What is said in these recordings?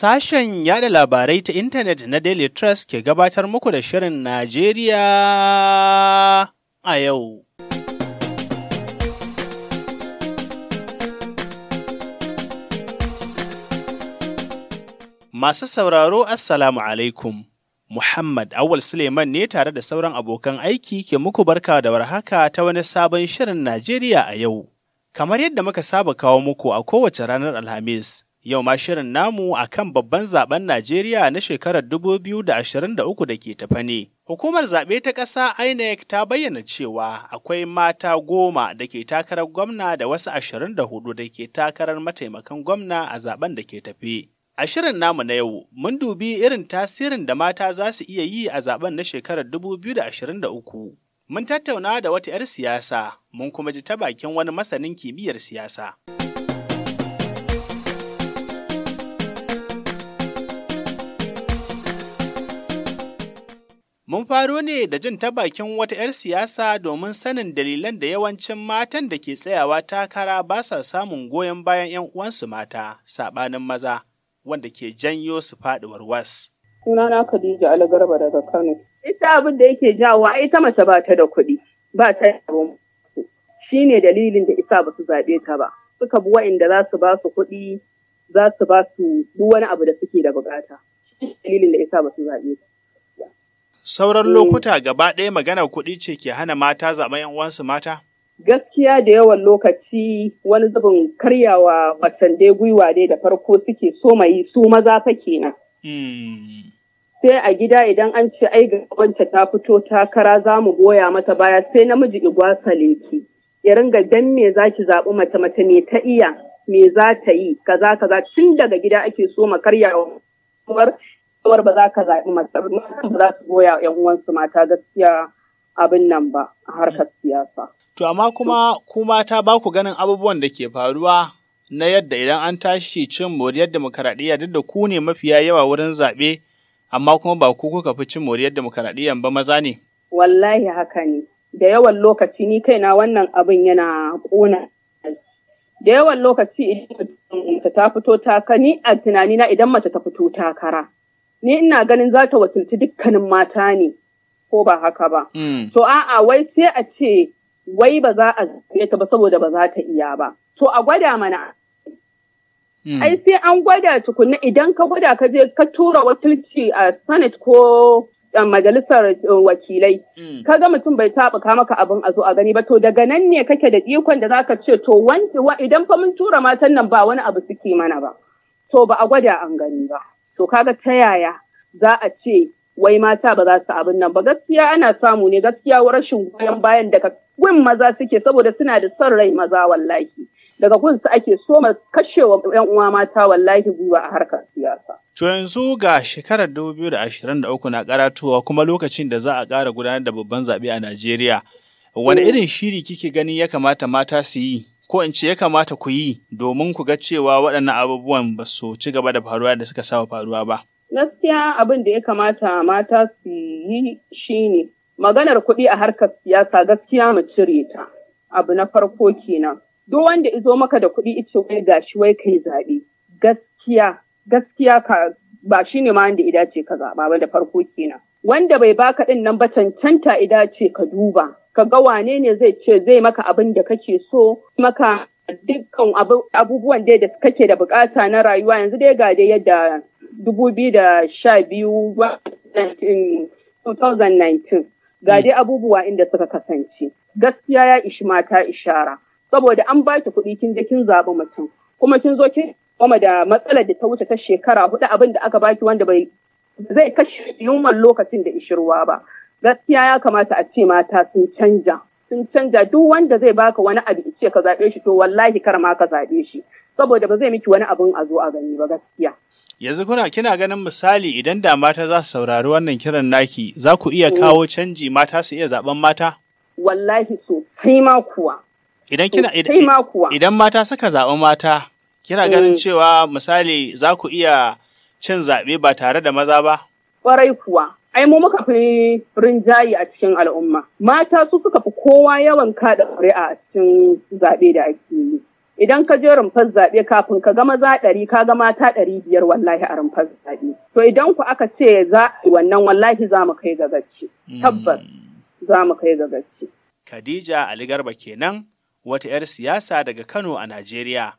Sashen yada labarai ta intanet na Daily Trust ke gabatar muku da Shirin Najeriya a yau. Masu sauraro Assalamu alaikum. Muhammad Awal Suleiman ne tare da sauran abokan aiki ke muku barka da warhaka ta wani sabon Shirin Najeriya a yau. Kamar yadda muka saba kawo muku a kowace ranar Alhamis. Yau ma shirin namu a kan babban zaben Najeriya na shekarar 2023 da ke tafa ne. Hukumar zaɓe ta ƙasa INEC ta bayyana cewa akwai mata goma da ke takarar gwamna da wasu ashirin da hudu da ke takarar mataimakan gwamna a zaben da ke tafi. A shirin namu na yau, mun dubi irin tasirin da mata za su iya yi a zaben na shekarar 2023. Mun tattauna da wata 'yar siyasa, mun kuma ji ta bakin wani masanin kimiyyar siyasa. Mun faro ne da jin ta bakin wata 'yar siyasa domin sanin dalilan da yawancin matan da ke tsayawa takara ba sa samun goyon bayan 'yan uwansu mata, saɓanin maza, wanda ke janyo su faɗuwar was. Sunana Khadija Algarba daga Kano. Ita abin da yake jawo a ita mace ba ta da kuɗi, ba ta su, shi ne dalilin da isa ba su zaɓe ta ba. Suka bi wa'inda za su ba su kuɗi, za su ba su duk wani abu da suke da buƙata. Shi dalilin da isa ba su zaɓe ta. Sauran eh. lokuta gaba ɗaya maganar kuɗi ce ke hana mata zaɓen ‘yan uwansu mata? Gaskiya da yawan lokaci wani zubin karyawa macen dai gwiwa dai da farko suke so mai su maza fa kenan. Hmm. Sai a gida idan an ce ai ga wance ta fito takara za mu goya mata baya sai namiji igwasa leke Ya ringa dan me za ki zaɓi mace mace me ta iya me za ta yi kaza kaza tun daga gida ake so ma karyawa kawar ba za ka zaɓi ba za su goya yan uwansu mata gaskiya abin nan ba a harkar siyasa. To amma kuma ku mata ba ku ganin abubuwan da ke faruwa na yadda idan an tashi cin moriyar demokaradiyya duk da ku ne mafiya yawa wurin zaɓe amma kuma ba ku kuka fi cin moriyar demokaradiyyan ba maza ne. Wallahi haka ne. Da yawan lokaci ni kaina wannan abin yana ƙona da yawan lokaci idan mace ta fito takara ni a tunanina idan mace ta fito takara ni ina ganin za ta wakilci dukkanin mata ne ko ba haka ba. To mm. a'a wai sai a ce wai ba za a zaɓe ta ba saboda ba za ta iya ba. To a gwada mana. Mm. Ai sai an gwada tukunna idan ka gwada ka je ka tura wakilci a Senate ko majalisar uh, wakilai mm. ka ga mutum bai taɓuka maka abin a zo a gani ba to daga nan ne kake da ikon da zaka ce to idan fa mun tura matan nan ba wani abu suke mana ba to ba a gwada an gani ba. to kaga ta yaya za a ce wai mata ba za su abin nan ba gaskiya ana samu ne gaskiya rashin goyon bayan daga gun maza suke saboda suna da son rai maza wallahi daga gun su ake so ma kashewa yan uwa mata wallahi gwiwa a harkar siyasa to yanzu ga shekarar 2023 na karatuwa kuma lokacin da za a kara gudanar da babban zaɓe a Najeriya wani mm. irin shiri kike gani ya kamata mata su yi ko in ce ya kamata ku yi domin ku ga cewa waɗannan abubuwan ba su ci gaba da faruwa da suka sawa faruwa ba? Gaskiya abin da ya kamata mata su yi shi ne maganar kuɗi a harkar siyasa gaskiya mu cire ta. Abu na farko kenan. Duk wanda izo maka da kuɗi ice wai gashi wai kai zaɓe. Gaskiya, gaskiya ka ba shi ne ma wanda ida ce ka zaɓa ba da farko kenan. Wanda bai baka ɗin nan ba cancanta ida ce ka duba. ka ga wane ne zai ce zai maka abin da kake so maka dukkan abubuwan da kake da bukata na rayuwa yanzu dai ga dai yadda dubu biyu da 2019 ga dai abubuwa inda suka kasance gaskiya ya ishi mata ishara saboda an ba ki kuɗi kin je kin zaɓi mutum kuma kin zo kin kuma da matsalar da ta wuce ta shekara hudu abin da aka baki wanda bai zai kashe yunwan lokacin da ishirwa ba gaskiya ya kamata a ce mata sun canja sun canja duk wanda zai baka wani abu ce ka zaɓe shi to wallahi kar ma ka zaɓe shi saboda ba zai miki wani abin a zo a gani ba gaskiya yanzu kuna kina ganin misali idan da mata za su saurari wannan kiran naki za ku iya kawo canji mata su iya zaɓen mata wallahi sosai ma kuwa idan kina idan mata suka zaɓi mata kina ganin mm. cewa misali za ku iya cin zaɓe ba tare da maza ba kwarai kuwa ai mu muka fi rinjayi a cikin al'umma mata su suka fi kowa yawan kaɗa ƙuri'a a cikin zaɓe da ake yi idan ka je rumfar zaɓe kafin ka ga maza ɗari ka ga mata ɗari biyar wallahi a rumfar zaɓe to idan ku aka ce za wannan wallahi za mu kai ga hmm. tabbas za mu kai ga Khadija Ali Garba kenan wata 'yar siyasa daga Kano a Najeriya.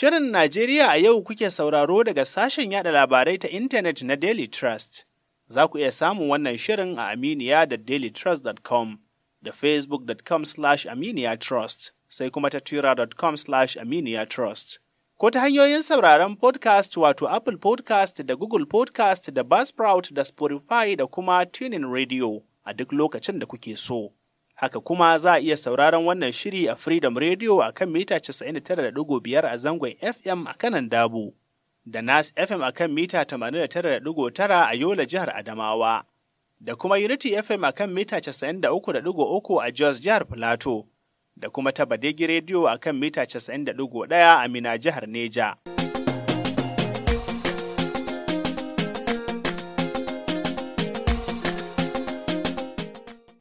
Shirin Najeriya a yau kuke sauraro daga sashen yada labarai ta intanet na Daily Trust. Za ku iya samun wannan shirin a Aminiya da dailytrust.com da facebook.com slash aminiya trust sai kuma ta twitter.com slash aminiya trust. Ko ta hanyoyin sauraron podcast wato Apple podcast da Google podcast da Buzzsprout da Spotify da kuma Tuning Radio a duk lokacin da kuke so. Haka kuma za a iya sauraron wannan shiri a Freedom Radio a kan mita 99.5 a zangon FM a kanan Dabu, da Nas FM a kan mita 89.9 a Yola jihar Adamawa, da kuma Unity FM a kan mita 93.3 a Jos jihar Filato, da kuma ta Badegi Radio a kan mita 91 a Mina jihar Neja.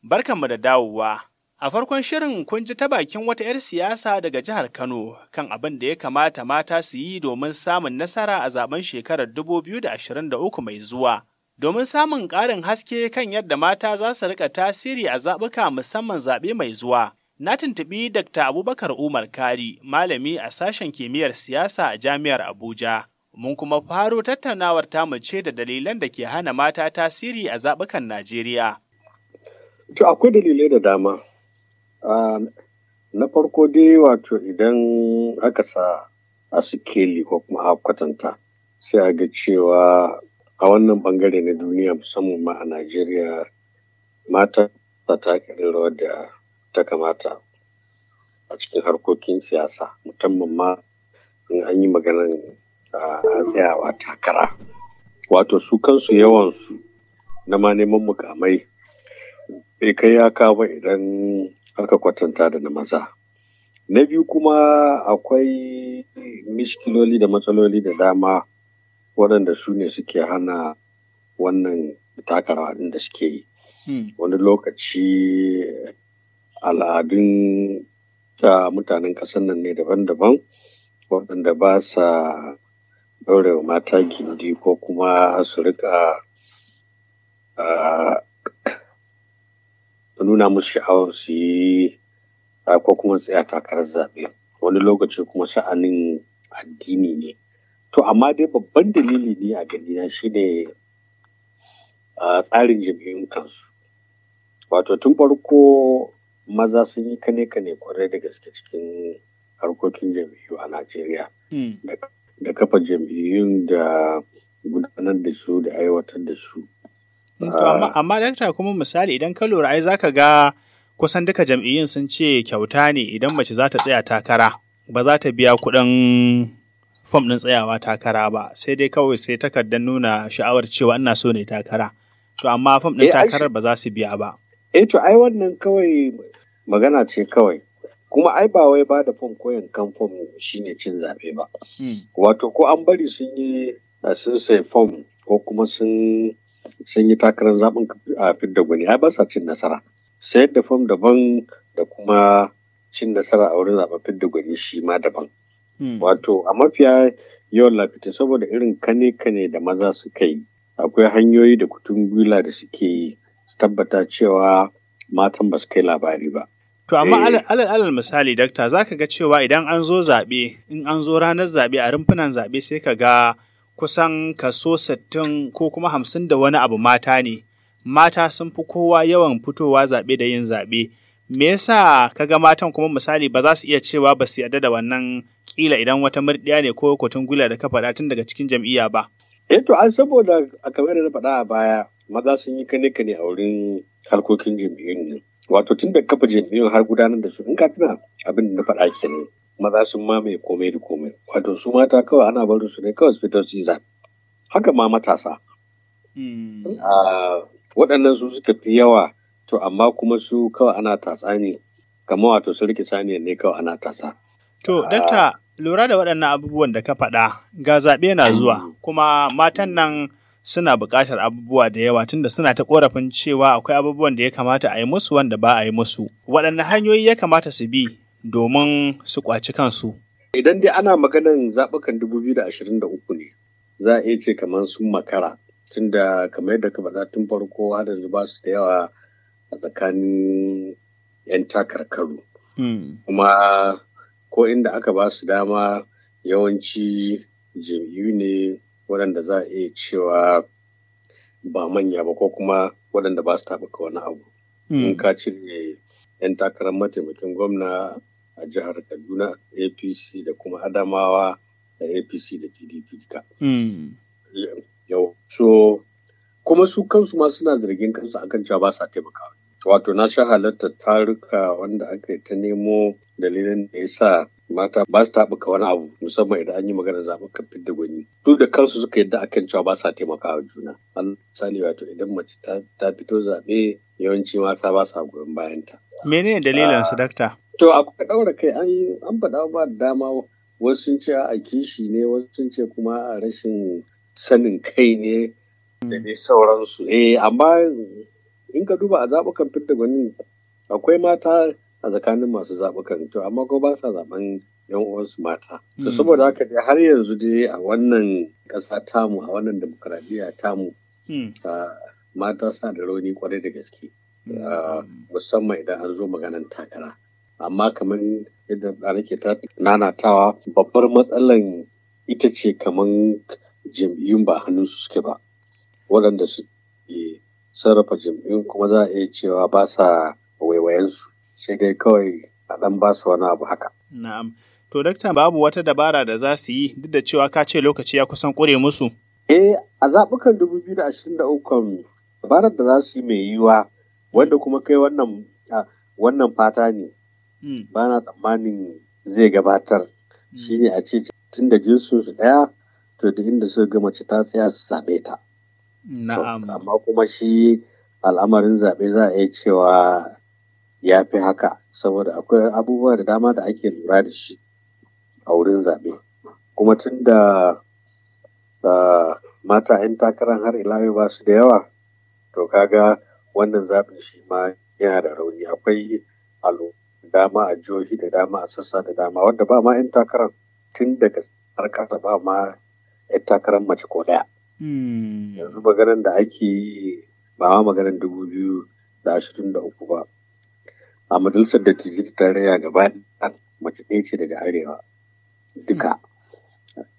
Barkanmu da dawowa. A farkon shirin kun ji ta bakin wata 'yar siyasa daga jihar Kano kan abin da ya kamata mata su yi domin samun nasara a zaben shekarar 2023 mai zuwa. Domin samun ƙarin haske kan yadda mata za su rika tasiri a zaɓuka musamman zaɓe mai zuwa, na tuntuɓi Dr. Abubakar Umar Kari, malami a sashen kimiyyar siyasa a Jami'ar Abuja. Mun kuma faro tattaunawar tamu ce da dalilan da ke hana mata tasiri a zaɓukan Najeriya. To akwai dalilai da dama. na farko dai wato idan aka sa a sikeli ko kuma a kwatanta sai a ga cewa a wannan bangare na duniya musamman ma a Najeriya mata ta irin rawar da ta kamata a cikin harkokin siyasa musamman ma in an yi maganan a tsayawa takara. Wato su kansu yawansu na ma neman mukamai bai kai ya ba idan aka kwatanta da na maza. Na biyu kuma akwai mishkiloli da matsaloli da dama waɗanda su ne suke hana wannan takara ɗin da suke yi. Hmm. Wani lokaci al'adun ta mutanen ƙasar nan ne daban-daban waɗanda ba sa ɗaurewa mata gindi ko kuma su riƙa. Ah, ta nuna musu sha'awar su yi ko kuma tsaya takarar zaɓe wani lokaci kuma sha'anin addini ne to amma dai babban dalili ne a gani na shi ne tsarin jam'iyyun kansu wato tun farko maza sun yi kane kane kwarai da gaske cikin harkokin jam'iyyu a najeriya hmm. da kafa jam'iyyun da gudanar da su da aiwatar da su Eh, amma dakta kuma misali idan ka lura ai zaka ga kusan duka jam'iyyun sun ce kyauta ne idan mace za ta tsaya takara ba za ta biya kuɗin fom ɗin tsayawa takara ba sai dai kawai sai takardar nuna sha'awar cewa ina so ne takara to amma fom ɗin eh, takarar ba za su biya ba. Eh to ai wannan kawai magana ce kawai kuma ai ba wai ba da fom ko yankan fom shine cin zafe ba. Hmm. Wato ko an bari sun yi sun sai fom ko kuma sun sun yi takarar zaɓen a fidda gwani ai ba sa cin nasara sayar da fom daban da kuma cin nasara a wurin zaɓen fidda gwani shi ma daban hmm. wato a mafiya yawan lafita saboda irin kane kane da maza suka yi akwai hanyoyi da kutun gwila da suke yi su tabbata cewa matan ba su kai labari ba To amma eh. alal misali dakta za ka ga cewa idan an zo zaɓe in an zo ranar zaɓe a rumfunan zaɓe sai ka ga kusan kaso sittin ko kuma hamsin da wani abu mata ne. Mata sun fi kowa yawan fitowa zaɓe da yin zaɓe. Me yasa ga matan kuma misali ba za su iya cewa ba su yarda da wannan kila idan wata murɗiya ne ko kwatun gula da ka faɗa tun daga cikin jam'iyya ba? Eh to an saboda a kamar da na faɗa a baya maza sun yi kane kane a wurin harkokin jam'iyyun ne, Wato tun da kafa jam'iyyun har gudanar da su in ka tuna abin da na faɗa kenan. maza sun mamaye komai da komai wato su mata kawai ana barin su ne kawai su fito su zaɓe haka ma matasa hmm. waɗannan su suka fi yawa to amma kuma su kawai ana tasa ne kamar wato su rike saniyar ne kawai ana tasa. to dakta lura da waɗannan abubuwan da ka faɗa ga zaɓe na zuwa kuma matan nan suna buƙatar abubuwa da yawa tunda suna ta ƙorafin cewa akwai abubuwan da ya kamata a yi musu wanda ba a yi musu waɗanne hanyoyi ya kamata su bi domin su kwaci kansu. Idan dai ana maganan zaɓukan 2023 ne, za a iya ce kamar sun makara, tunda kamar yadda ka faɗa tun farko har yanzu ba su da yawa a tsakanin 'yan takarkaru. Hmm. Kuma ko inda aka ba su dama yawanci jam'iyyu ne waɗanda za a iya cewa ba manya ba ko kuma waɗanda ba su taɓa wani abu. Hmm. In ka cire 'yan takarar mataimakin gwamna a jihar kaduna apc da kuma adamawa da apc da pdp duka hmm. yau so kuma su kansu ma suna zargin kansu akan cewa ba sa taimakawa wato na sha halarta taruka wanda aka yi ta nemo dalilin da ya sa mata ba su taɓuka wani abu musamman idan an yi magana zaɓen kafin da gwani duk da kansu suka yadda akan cewa ba sa taimakawa juna an misali wato idan mace ta fito zaɓe yawanci mata ba sa goyon bayanta menene dalilin su dakta To kuka ɗaura kai an faɗa ba da dama wasu sun ce a kishi ne wasu sun ce kuma a rashin sanin kai ne da dai sauransu. Eh amma in ka duba a zaɓukan fitta gwanin akwai mata a tsakanin masu zaɓukan to amma ko ba sa zaɓen yan uwansu mata. To hmm. saboda haka dai har yanzu dai a wannan ƙasa tamu a wannan demokaradiyya tamu hmm. mata sa da rauni kwarai da gaske hmm. musamman idan an zo maganan takara. amma kamar yadda da nake ta nanatawa babbar matsalan ita ce kamar jam'iyyun ba hannunsu suke ba waɗanda su eh, sarrafa jam'iyyun kuma za a iya cewa ba sa waiwayensu sai dai kawai a ɗan ba su wani abu haka. Na'am. To, dakta babu wata dabara da za su yi duk da cewa ka ce lokaci ya kusan ƙure musu? Eh, a zaɓukan 2023 dabarar da za su yi mai yiwa wanda kuma kai wannan fata ne Hmm. ba na tsammanin zai gabatar hmm. shi ne a ce tun da jinsu su ɗaya to da inda suka ga mace ta tsaya su zaɓe ta. Amma kuma shi al'amarin zaɓe za a iya cewa ya fi haka saboda akwai abubuwa da dama da ake lura da shi a wurin zaɓe. Kuma tun da ah, mata 'yan takarar har ilawi ba su da yawa to kaga wannan zaɓin shi ma yana da rauni akwai al'umma. dama a jihohi da dama a sassa da dama Wanda ba ma 'yan takarar tun daga harkar ba ma 'yan takarar mace ko daya. Hmm. Yanzu maganar da ake ba ma maganar dubu biyu da ashirin da uku ba. A majalisar da ta tarayya gaba mace ɗaya ce daga arewa duka.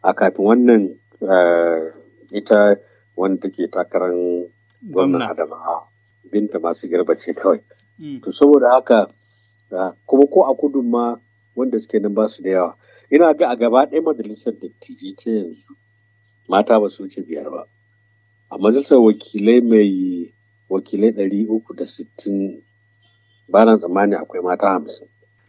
A kafin wannan eh, ita wanda take takarar gwamnan Adamawa binta masu girba ce kawai. Hmm. To saboda haka Ah, kuma ko a kudu ma wanda suke nan basu da yawa ina ga a gaba ɗaya majalisar dattijai ta yanzu mata ba su wuce biyar ba a majalisar wakilai mai wakilai ɗari uku da sittin ba na tsammani akwai mata hamsin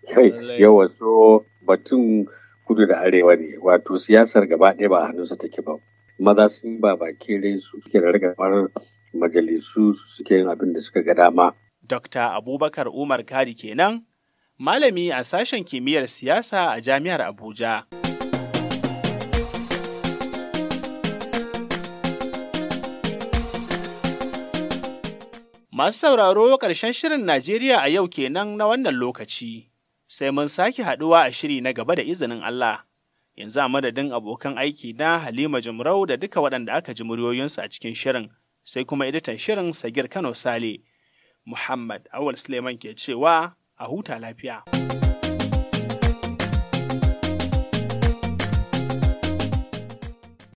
kai yawa so batun kudu da arewa ne wato siyasar gaba ɗaya ba hannunsa take ba maza sun ba bakin rai su suke da riga majalisu suke yin abin da suka ga dama Dr. Abubakar Umar Kari kenan malami a sashen kimiyyar siyasa a jami'ar Abuja. Masu sauraro ƙarshen shirin Najeriya a yau kenan na wannan lokaci, sai mun sake haɗuwa a shiri na gaba da izinin Allah. Yanzu a madadin abokan aiki na Halima Jumrau da duka waɗanda aka ji muryoyinsu a cikin shirin, sai kuma editan shirin Sagir Kano Sale. Muhammad Awal Suleiman ke cewa a huta lafiya.